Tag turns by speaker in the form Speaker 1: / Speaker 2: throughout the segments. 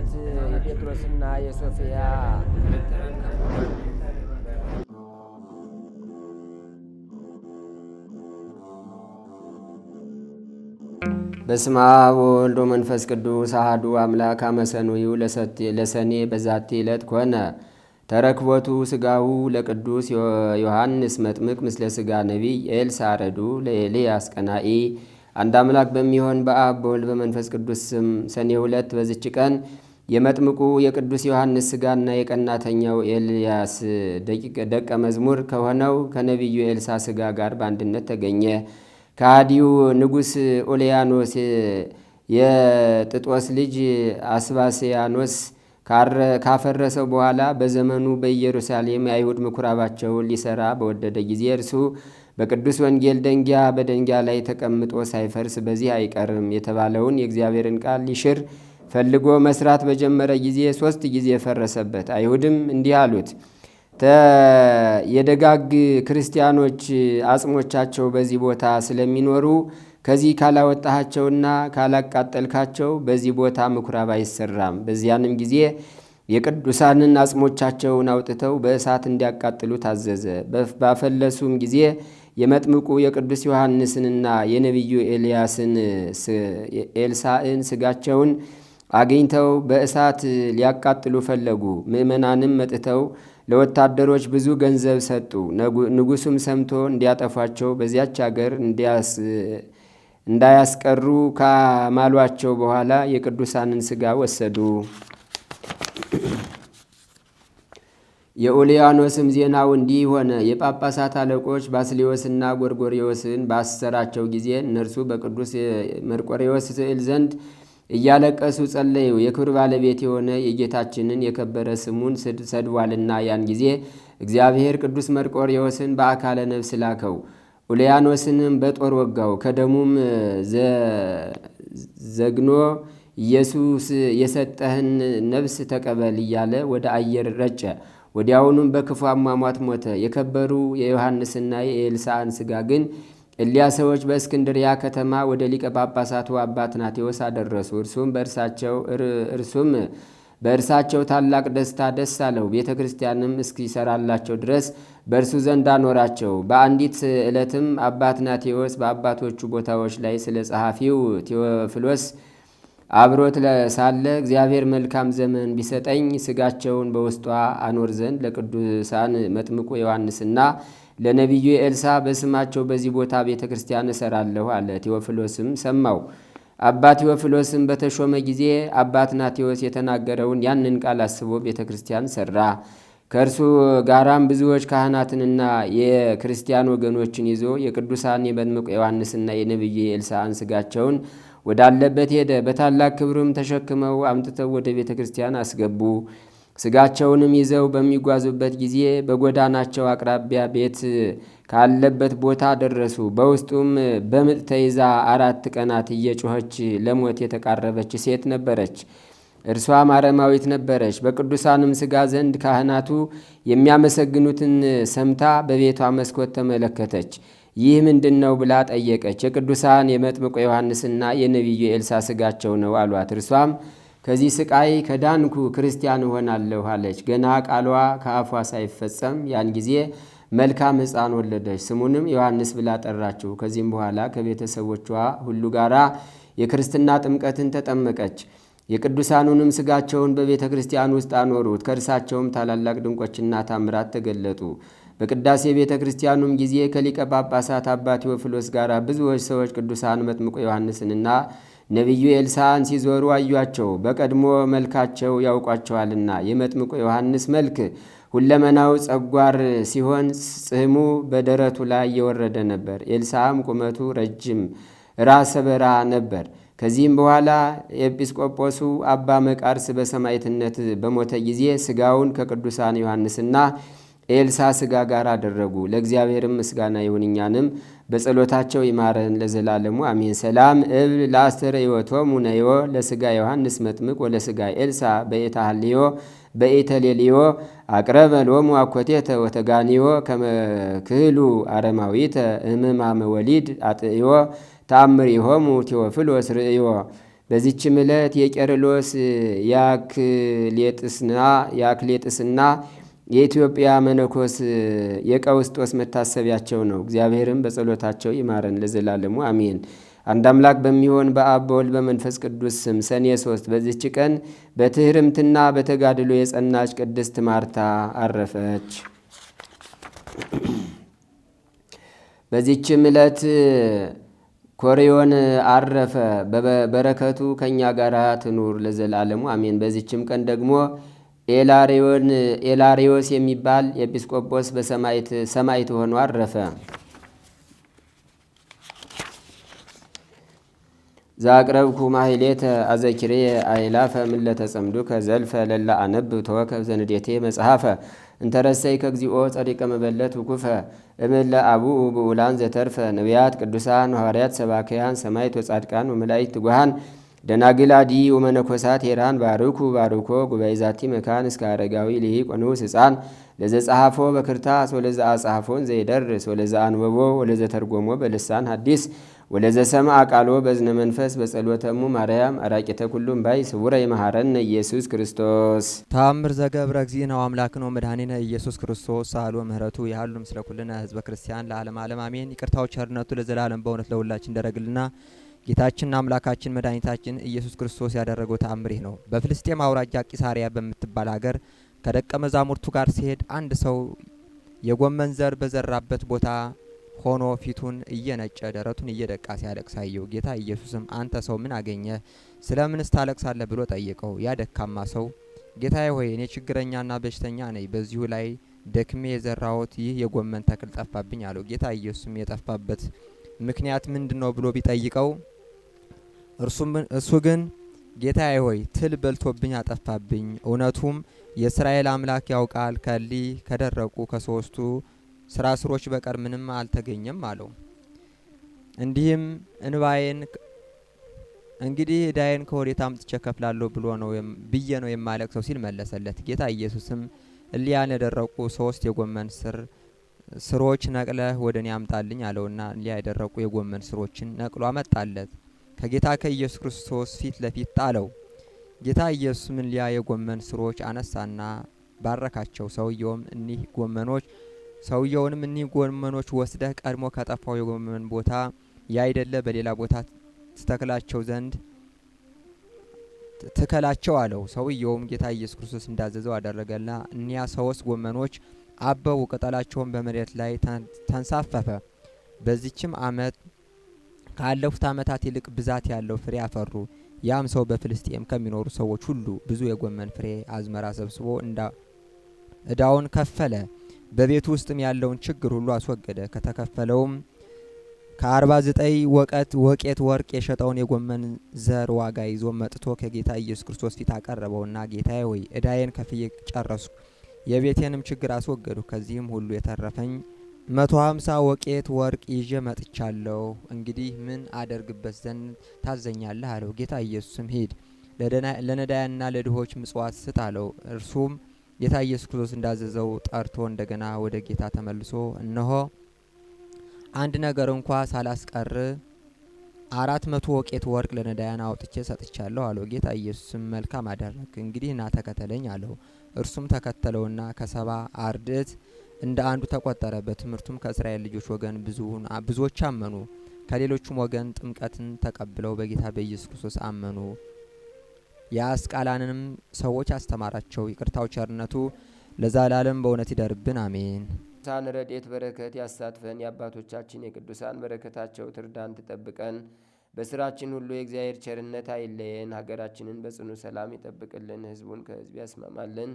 Speaker 1: የእምነት የጴጥሮስና የሶፊያ በስማ ወልድ መንፈስ ቅዱስ አህዱ አምላክ አመሰኑዩ ለሰኔ በዛቲ ዕለት ኮነ ተረክቦቱ ስጋው ለቅዱስ ዮሐንስ መጥምቅ ምስለ ስጋ ነቢይ ኤልሳረዱ ለኤልያስ ቀናኢ። አንድ አምላክ በሚሆን በአብ በወልድ በመንፈስ ቅዱስ ስም ሰኔ ሁለት በዝች ቀን የመጥምቁ የቅዱስ ዮሐንስ ስጋና የቀናተኛው ኤልያስ ደቀ መዝሙር ከሆነው ከነቢዩ ኤልሳ ስጋ ጋር በአንድነት ተገኘ። ከአዲው ንጉሥ ኦሊያኖስ የጥጦስ ልጅ አስባስያኖስ ካፈረሰው በኋላ በዘመኑ በኢየሩሳሌም የአይሁድ ምኩራባቸውን ሊሰራ በወደደ ጊዜ እርሱ በቅዱስ ወንጌል ደንጊያ በደንጊያ ላይ ተቀምጦ ሳይፈርስ በዚህ አይቀርም የተባለውን የእግዚአብሔርን ቃል ሊሽር ፈልጎ መስራት በጀመረ ጊዜ ሶስት ጊዜ ፈረሰበት። አይሁድም እንዲህ አሉት፣ የደጋግ ክርስቲያኖች አጽሞቻቸው በዚህ ቦታ ስለሚኖሩ ከዚህ ካላወጣሃቸውና ካላቃጠልካቸው በዚህ ቦታ ምኩራብ አይሰራም። በዚያንም ጊዜ የቅዱሳንን አጽሞቻቸውን አውጥተው በእሳት እንዲያቃጥሉ ታዘዘ። ባፈለሱም ጊዜ የመጥምቁ የቅዱስ ዮሐንስንና የነቢዩ ኤልያስን ኤልሳእን ስጋቸውን አግኝተው በእሳት ሊያቃጥሉ ፈለጉ። ምዕመናንም መጥተው ለወታደሮች ብዙ ገንዘብ ሰጡ። ንጉሱም ሰምቶ እንዲያጠፏቸው በዚያች አገር እንዳያስቀሩ ካማሏቸው በኋላ የቅዱሳንን ስጋ ወሰዱ። የኦሊያኖስም ዜናው እንዲህ ሆነ። የጳጳሳት አለቆች ባስሊዮስና ጎርጎሪዎስን ባሰራቸው ጊዜ እነርሱ በቅዱስ መርቆሬዎስ ስዕል ዘንድ እያለቀሱ ጸለዩ። የክብር ባለቤት የሆነ የጌታችንን የከበረ ስሙን ሰድቧልና። ያን ጊዜ እግዚአብሔር ቅዱስ መርቆሬዎስን በአካለ ነፍስ ላከው። ኡልያኖስንም በጦር ወጋው። ከደሙም ዘግኖ ኢየሱስ የሰጠህን ነፍስ ተቀበል እያለ ወደ አየር ረጨ። ወዲያውኑም በክፉ አሟሟት ሞተ። የከበሩ የዮሐንስና የኤልሳን ስጋ ግን እሊያ ሰዎች በእስክንድሪያ ከተማ ወደ ሊቀ ጳጳሳቱ አባ ትናቴዎስ አደረሱ። እርሱም በእርሳቸው እርሱም በእርሳቸው ታላቅ ደስታ ደስ አለው። ቤተ ክርስቲያንም እስኪሰራላቸው ድረስ በእርሱ ዘንድ አኖራቸው። በአንዲት ዕለትም አባ ትናቴዎስ በአባቶቹ ቦታዎች ላይ ስለ ጸሐፊው ቴዎፍሎስ አብሮት ሳለ እግዚአብሔር መልካም ዘመን ቢሰጠኝ ስጋቸውን በውስጧ አኖር ዘንድ ለቅዱሳን መጥምቁ ዮሐንስና ለነቢዩ ኤልሳ በስማቸው በዚህ ቦታ ቤተ ክርስቲያን እሰራለሁ አለ። ቴዎፍሎስም ሰማው። አባ ቴዎፍሎስም በተሾመ ጊዜ አባ አትናቴዎስ የተናገረውን ያንን ቃል አስቦ ቤተ ክርስቲያን ሰራ። ከእርሱ ጋራም ብዙዎች ካህናትንና የክርስቲያን ወገኖችን ይዞ የቅዱሳን የመጥምቁ ዮሐንስና የነቢዩ የኤልሳዕን ሥጋቸውን ወዳለበት ሄደ። በታላቅ ክብርም ተሸክመው አምጥተው ወደ ቤተ ክርስቲያን አስገቡ። ስጋቸውንም ይዘው በሚጓዙበት ጊዜ በጎዳናቸው አቅራቢያ ቤት ካለበት ቦታ ደረሱ። በውስጡም በምጥ ተይዛ አራት ቀናት እየጮኸች ለሞት የተቃረበች ሴት ነበረች። እርሷም አረማዊት ነበረች። በቅዱሳንም ስጋ ዘንድ ካህናቱ የሚያመሰግኑትን ሰምታ በቤቷ መስኮት ተመለከተች። ይህ ምንድን ነው ብላ ጠየቀች። የቅዱሳን የመጥምቆ ዮሐንስና የነቢዩ ኤልሳ ስጋቸው ነው አሏት። እርሷም ከዚህ ስቃይ ከዳንኩ ክርስቲያን እሆናለሁ አለች። ገና ቃሏ ከአፏ ሳይፈጸም ያን ጊዜ መልካም ሕፃን ወለደች። ስሙንም ዮሐንስ ብላ ጠራችው። ከዚህም በኋላ ከቤተሰቦቿ ሁሉ ጋራ የክርስትና ጥምቀትን ተጠመቀች። የቅዱሳኑንም ስጋቸውን በቤተ ክርስቲያን ውስጥ አኖሩት። ከእርሳቸውም ታላላቅ ድንቆችና ታምራት ተገለጡ። በቅዳሴ ቤተ ክርስቲያኑም ጊዜ ከሊቀ ጳጳሳት አባ ቴዎፍሎስ ጋር ብዙዎች ሰዎች ቅዱሳን መጥምቆ ዮሐንስንና ነቢዩ ኤልሳን ሲዞሩ አዩቸው። በቀድሞ መልካቸው ያውቋቸዋልና። የመጥምቁ ዮሐንስ መልክ ሁለመናው ጸጓር ሲሆን ጽሕሙ በደረቱ ላይ የወረደ ነበር። ኤልሳም ቁመቱ ረጅም ራሰ በራ ነበር። ከዚህም በኋላ ኤጲስቆጶሱ አባ መቃርስ በሰማዕትነት በሞተ ጊዜ ስጋውን ከቅዱሳን ዮሐንስና ኤልሳ ስጋ ጋር አደረጉ። ለእግዚአብሔርም ምስጋና ይሁን እኛንም በጸሎታቸው ይማረን ለዘላለሙ አሜን። ሰላም እብል ለአስተርእዮቶሙ ነዮ ለስጋ ዮሐንስ መጥምቅ ወለስጋ ኤልሳ በኤታህልዮ በኢተሌልዮ አቅረበ ሎሙ አኮቴተ ወተጋኒዮ ከመክህሉ አረማዊተ እምማመ ወሊድ አጥዮ ይሆሙ ቴዎፍሎስ ርእዮ። በዚችም ዕለት የቄርሎስ ያክሌጥስና የኢትዮጵያ መነኮስ የቀውስጦስ መታሰቢያቸው ነው። እግዚአብሔርም በጸሎታቸው ይማረን ለዘላለሙ አሜን። አንድ አምላክ በሚሆን በአብ በወልድ በመንፈስ ቅዱስ ስም ሰኔ ሶስት በዚች ቀን በትህርምትና በተጋድሎ የጸናች ቅድስት ማርታ አረፈች። በዚችም ዕለት ኮሪዮን አረፈ። በረከቱ ከእኛ ጋር ትኑር ለዘላለሙ አሜን። በዚችም ቀን ደግሞ ኤላሪዮን ኤላሪዮስ የሚባል ኤጲስቆጶስ በሰማይት ሰማይት ሆኖ አረፈ። ዛቅረብኩ ማህሌተ አዘኪሬ አይላፈ ምን ለተጸምዱ ከዘልፈ ለላ አነብ ተወከብ ዘንዴቴ መጽሐፈ እንተረሰይ ከግዚኦ ጸሪቀ መበለት ውኩፈ እምለ አቡኡ ብኡላን ዘተርፈ ነቢያት ቅዱሳን ሐዋርያት ሰባክያን ሰማይት ወጻድቃን ወመላይት ትጓሃን ደናግላዲ ወመነኮሳት ሄራን ባርኩ ባርኮ ጉባኤ ዛቲ መካን እስከ አረጋዊ ሊቆኑስ ሕፃን ለዘጸሐፎ በክርታስ ወለዘ አጽሐፎን ዘይደርስ ወለዘ አንበቦ ወለዘ ተርጎሞ በልሳን ሐዲስ ወለዘ ሰማ ቃሎ በዝነ መንፈስ በጸሎተሙ ማርያም አራቂተ ኩሉም ባይ ስውረ ይመሃረነ ኢየሱስ ክርስቶስ ተአምር ዘገብረ እግዚእነ ወአምላክነ ወመድኃኒነ ኢየሱስ ክርስቶስ ሳህሉ ምህረቱ ያህሉ ምስለ ኩልነ ህዝበ ክርስቲያን ለዓለም ዓለም አሜን። ይቅርታው ቸርነቱ ለዘላለም በእውነት ለሁላችን ደረግልና ጌታችንና አምላካችን መድኃኒታችን ኢየሱስ ክርስቶስ ያደረገው ተአምሬ ነው። በፍልስጤም አውራጃ ቂሳሪያ በምትባል ሀገር ከደቀ መዛሙርቱ ጋር ሲሄድ አንድ ሰው የጎመን ዘር በዘራበት ቦታ ሆኖ ፊቱን እየነጨ ደረቱን እየደቃ ሲያለቅስ አየው። ጌታ ኢየሱስም አንተ ሰው ምን አገኘ? ስለምንስ ታለቅሳለህ? ብሎ ጠየቀው። ያ ደካማ ሰው ጌታዬ ሆይ እኔ ችግረኛና በሽተኛ ነኝ፣ በዚሁ ላይ ደክሜ የዘራሁት ይህ የጎመን ተክል ጠፋብኝ አለው። ጌታ ኢየሱስም የጠፋበት ምክንያት ምንድን ነው ብሎ ቢጠይቀው እሱ ግን ጌታዬ ሆይ ትል በልቶብኝ አጠፋብኝ፣ እውነቱም የእስራኤል አምላክ ያውቃል፣ ከሊ ከደረቁ ከሶስቱ ስራ ስሮች በቀር ምንም አልተገኘም አለው። እንዲህም እንባዬን እንግዲህ እዳዬን ከወዴት አምጥቼ ከፍላለሁ ብሎ ነው ብዬ ነው ሰው ሲል መለሰለት። ጌታ ኢየሱስም እሊያን የደረቁ ሶስት የጎመን ስር ስሮች ነቅለህ ወደ እኔ አምጣልኝ አለውና ሊያ የደረቁ የጎመን ስሮችን ነቅሎ አመጣለት። ከጌታ ከኢየሱስ ክርስቶስ ፊት ለፊት ጣለው። ጌታ ኢየሱስም ሊያ የጎመን ስሮች አነሳና ባረካቸው። ሰውየውም እኒህ ጎመኖች ሰውየውንም እኒህ ጎመኖች ወስደህ ቀድሞ ከጠፋው የጎመን ቦታ ያይደለ በሌላ ቦታ ትተክላቸው ዘንድ ትከላቸው አለው። ሰውየውም ጌታ ኢየሱስ ክርስቶስ እንዳዘዘው አደረገና እኒያ ሰውስ ጎመኖች አበቡ፣ ቅጠላቸውን በመሬት ላይ ተንሳፈፈ። በዚችም አመት ካለፉት አመታት ይልቅ ብዛት ያለው ፍሬ አፈሩ። ያም ሰው በፍልስጤም ከሚኖሩ ሰዎች ሁሉ ብዙ የጎመን ፍሬ አዝመራ ሰብስቦ እዳውን ከፈለ። በቤቱ ውስጥም ያለውን ችግር ሁሉ አስወገደ። ከተከፈለውም ከአርባ ዘጠኝ ወቀት ወቄት ወርቅ የሸጠውን የጎመን ዘር ዋጋ ይዞ መጥቶ ከጌታ ኢየሱስ ክርስቶስ ፊት አቀረበውና ጌታዬ ወይ እዳዬን ከፍዬ ጨረስኩ የቤቴንም ችግር አስወገዱ ከዚህም ሁሉ የተረፈኝ መቶ ሀምሳ ወቄት ወርቅ ይዤ መጥቻለሁ። እንግዲህ ምን አደርግበት ዘንድ ታዘኛለህ አለው። ጌታ ኢየሱስም ሂድ ለነዳያና ለድሆች ምጽዋት ስጥ አለው። እርሱም ጌታ ኢየሱስ ክርስቶስ እንዳዘዘው ጠርቶ እንደገና ወደ ጌታ ተመልሶ እነሆ አንድ ነገር እንኳ ሳላስቀር አራት መቶ ወቄት ወርቅ ለነዳያን አውጥቼ ሰጥቻለሁ አለው። ጌታ ኢየሱስም መልካም አደረግ፣ እንግዲህ ና ተከተለኝ አለው። እርሱም ተከተለውና ከሰባ አርድእት እንደ አንዱ ተቆጠረ። በትምህርቱም ከእስራኤል ልጆች ወገን ብዙዎች አመኑ። ከሌሎቹም ወገን ጥምቀትን ተቀብለው በጌታ በኢየሱስ ክርስቶስ አመኑ። የአስቃላንንም ሰዎች አስተማራቸው። ይቅርታው ቸርነቱ ለዛላለም በእውነት ይደርብን፣ አሜን። ሳን ረድኤት በረከት ያሳትፈን። የአባቶቻችን የቅዱሳን በረከታቸው ትርዳን፣ ትጠብቀን በስራችን ሁሉ የእግዚአብሔር ቸርነት አይለየን። ሀገራችንን በጽኑ ሰላም ይጠብቅልን፣ ህዝቡን ከህዝብ ያስማማልን።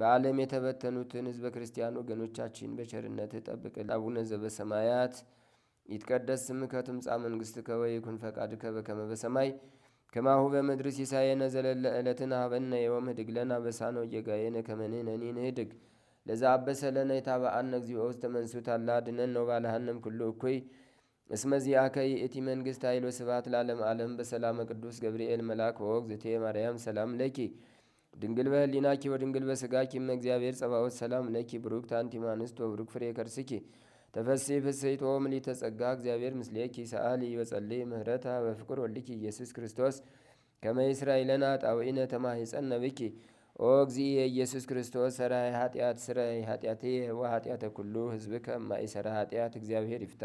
Speaker 1: በዓለም የተበተኑትን ህዝበ ክርስቲያን ወገኖቻችን በቸርነት ይጠብቅልን። አቡነ ዘበሰማያት ይትቀደስ ስምከ ትምጻእ መንግሥትከ ወይኩን ፈቃድከ በከመ በሰማይ ከማሁ በምድር ሲሳየነ ዘለለ ዕለትን ሀበነ ዮም ህድግ ለነ አበሳነ ወጌጋየነ ከመ ንሕነኒ ንህድግ ለዘ አበሰ ለነ ኢታብአነ እግዚኦ ውስተ መንሱት አላ አድኅነነ ወባልሐነ እምኩሉ እኩይ እስመ ዚአከ እቲ መንግሥት ኃይል ወስብሐት ለዓለመ ዓለም በሰላመ ቅዱስ ገብርኤል መልአክ ወወግ ዘቴ ማርያም ሰላም ለኪ ድንግል በህሊናኪ ወድንግል በስጋኪ እመ እግዚአብሔር ጸባዖት ሰላም ለኪ ብሩክት አንቲ እምአንስት ወብሩክ ፍሬ ከርስኪ ተፈሲ ፍስሕት ወምልዕተ ጸጋ እግዚአብሔር ምስሌኪ ሰአሊ ወጸሊ ምህረታ በፍቅር ወልኪ ኢየሱስ ክርስቶስ ከመ ይስራይ ለነ ኃጣውኢነ ተማሂፀነ ብኪ ኦ እግዚእ ኢየሱስ ክርስቶስ ሰራይ ኃጢአት ስራይ ኃጢአቴ ወኃጢአተ ኩሉ ህዝብ ከማይሰራ ኃጢአት እግዚአብሔር ይፍታ።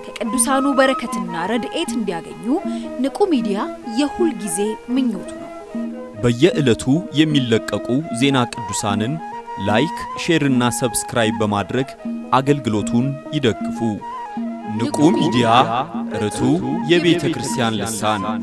Speaker 2: የቅዱሳኑ በረከትና ረድኤት እንዲያገኙ ንቁ ሚዲያ የሁል ጊዜ ምኞቱ ነው።
Speaker 3: በየዕለቱ የሚለቀቁ ዜና ቅዱሳንን ላይክ፣ ሼርና ሰብስክራይብ በማድረግ አገልግሎቱን ይደግፉ። ንቁ ሚዲያ ርቱ የቤተ ክርስቲያን ልሳን